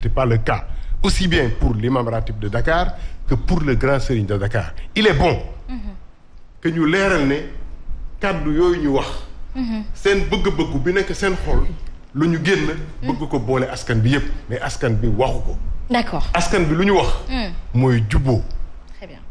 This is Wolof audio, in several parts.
n'était pas le cas aussi bien pour l'imam de Dakar que pour le grand serigne de Dakar il est bon mm-hmm. que ñu leeral ne kàddu yooyu ñu wax mm-hmm. seen bëgg-bëggu bi nekk seen xool lu ñu génn mm. bëgg ko boole askan bi yépp mais askan bi waxu ko askan bi lu ñu wax mm. mooy jubboo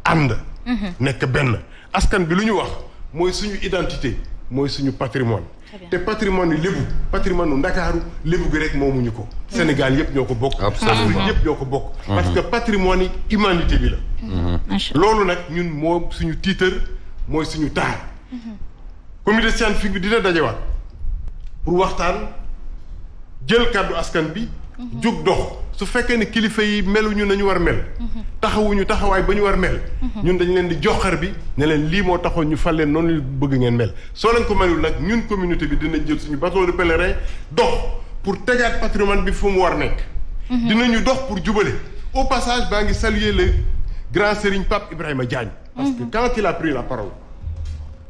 ànd mm-hmm. nekk benn askan bi lu ñu wax mooy suñu identité mooy suñu patrimoine te patrimoine lépp lébu patrimoine yu ndakaaru lébu gi rek moomuñu ko Sénégal yëpp ñoo ko bokk Afrique yëpp ñoo ko bokk mhm. parce que patrimoine yi humanité bi la mhm. Mhm. loolu nag ñun moo suñu tiitar mooy suñu taar comité scientifique bi dina dajewaat pour waxtaan jël kàddu askan bi jóg dox su fekkee ne kilifa yi ñu nañu war mel taxawuñu taxawaay ba ñu war mel ñun dañ leen di joxar bi ne leen lii moo taxoon ñu fal leen noonu ñu bëgg ngeen mel soo leen ko melul nag ñun communauté bi dinañ jël suñu bateau de pèlerin dox pour tegaat patrimoine bi fu mu war nekk ñu dox pour jubale au passage baa ngi saluer le grand sëriñ Pape Ibrahima Diagne parce que quand il a la parole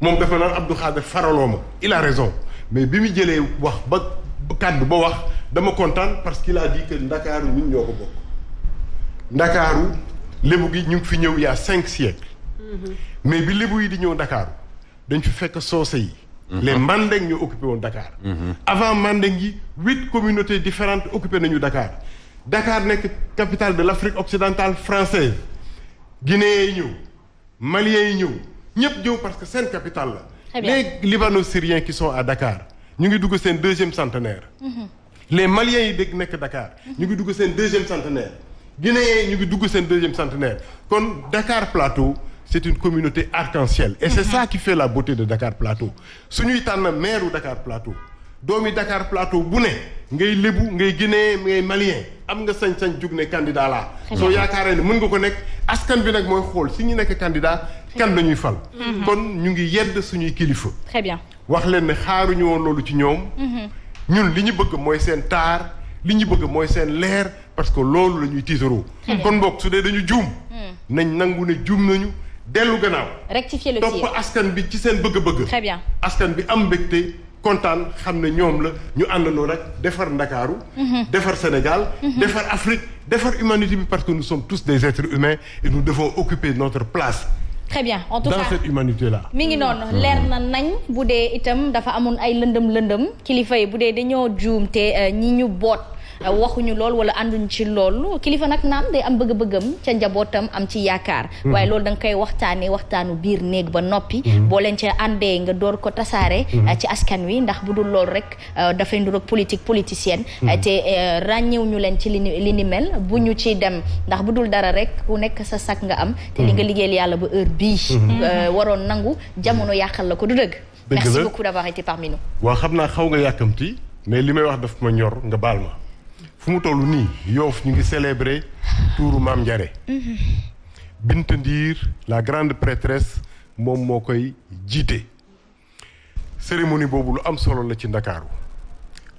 moom dafa naan Abdou Khader faraloo ma il a raison mais bi mu jëlee wax ba kàddu ba dama kontaan parce qu'il a dit que ndakaaru ñun ñoo ko bokk ndakaaru lébu gi ñu ngi fi ñëw il cinq siècles mm-hmm. mais bi lébu yi di ñëw ndakaaru dañ fi fekk soose yi mm-hmm. les mandeng ñoo occupé woon Dakar mm-hmm. avant mandeng yi huit communautés différentes occupé nañu Dakar dakaar nekk capital de l'Afrique occidentale française guinéens yi ñëw maliens yi ñëw ñëpp jëw parce que seen capital la les libano-syriens qui sont à dakaar ñu ngi dugg seen deuxième centenaire les maliens yi dégg nekk Dakar ñu ngi dugg seen deuxième centenaire guinéens ñu ngi dugg seen deuxième centenaire kon Dakar Plateau c'est une communauté arc-en-ciel et c'est ça qui fait la beauté de Dakar Plateau tànn maire Dakar Plateau doomi Dakar Plateau bu ne ngay lébu ngay guinéen ngay malien am nga sañ-sañ jug ne candidat laa soo yaakaaree ne mën nga ko nekk askan bi nag mooy xool si ñu nekk candidat kan la ñuy fal mhm. kon ñu ngi yedd suñuy kilifa très wax leen ne xaaruñu woon loolu ci ñoom mhm. ñun li ñu bëgg mooy seen taar li ñu bëgg mooy seen leer parce que loolu la ñuy tiitaroo kon mbokk su dee dañu juum hmm. nañ nangu ne juum nañu dellu gannaaw rectifier le tir topp askan bi ci seen bëgg-bëgg très askan bi am mbégte kontaan xam ne ñoom la ñu àndandoo nag defar Ndakaaru mhm. defar Sénégal mhm. defar Afrique defar humanité bi parce que nous sommes tous des êtres humains et nous devons occuper notre place très bien en tout cas dans mi ngi noon hmm. leer na nañ bu dee itam dafa amoon ay lëndëm lëndëm kilifa yi bu dee dañoo juum te euh, ñi ñu boot. Euh, waxuñu lool wala ànduñ ci loolu kilifa nag naam day am bëgg-bëggam ca njabootam am ci yaakaar mhm. waaye loolu da nga koy waxtaanee waxtaanu biir néeg ba noppi mhm. boo leen ca àndee nga door ko tasaare mhm. euh, ci askan wi ndax bu dul loolu rek euh, dafay ndur ak politique politicienne te ràññew ñu leen ci li ni mel bu ñu ci dem ndax dul dara rek ku nekk sa sac nga am te li nga yàlla ba heure bii waroon nangu jamono yàqal la ko du dëgg merci beaucoup d'avoir été parmi nous waaw xam naa xaw nga yàkkamti mais li may wax daf ma ñor nga baal ma fu mu toll nii yoof ñu ngi célébrer tuuru maam njare Binte Ndiir la grande prêtresse moom moo koy jiite. cérémonie boobu lu am solo la ci Ndakaaru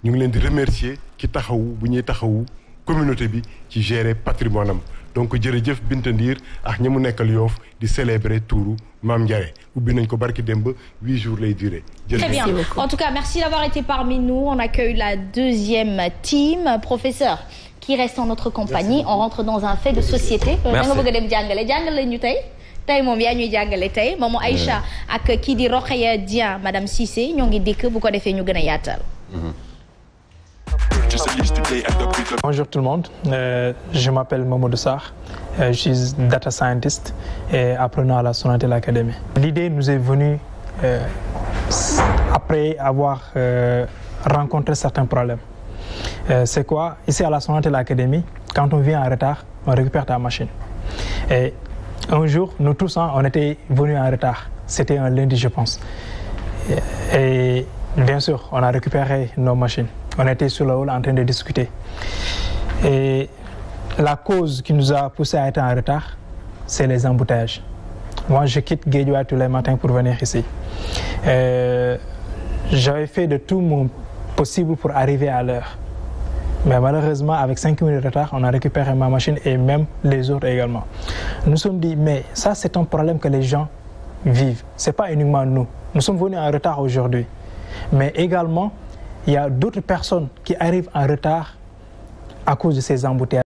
ñu ngi leen di remercier ci taxawu bu ñuy taxawu communauté bi ci gérer patrimoine am donc jërëjëf Binta Ndiir ak ñi mu nekkal yoof di célébrer tuuru Maam Ndiaye ubbi nañ ko barki démb huit jours lay durer. très bien en tout cas merci d'avoir été parmi nous on accueille la deuxième team professeur qui reste en notre compagnie on rentre dans un fait de société. Euh, da nga bëgg a dem jàngale jàngale ñu tey. tey moom yaa ñuy jàngale tey moom Aïcha ak kii di Rokhaya Dia madame Cissé ñoo ngi dikk bu ko defee ñu gën a yatal mm-hmm. Bonjour tout le monde, euh, je m'appelle Momo Sarr, euh, je suis data scientist et apprenant la Sonatel Academy. L'idée nous est venue euh, après avoir euh, rencontré certains problèmes. Euh, c'est quoi Ici de la Sonatel Academy, quand on vient en retard, on récupère ta machine. Et un jour, nous tous, hein, on était venus en retard. C'était un lundi, je pense. Et bien sûr, on a récupéré nos machines. on était sur la hall en train de discuter. Et la cause qui nous a poussé à être en retard, c'est les embouteillages. Moi, je quitte Guédioua tous les matins pour venir ici. Euh, J'avais fait de tout mon possible pour arriver à l'heure. Mais malheureusement, avec 5 minutes de retard, on a récupéré ma machine et même les autres également. Nous sommes dit, mais ça, c'est un problème que les gens vivent. Ce n'est pas uniquement nous. Nous sommes venus en retard aujourd'hui. Mais également, il y a d'autres personnes qui arrivent en retard à cause de ces embouteillages.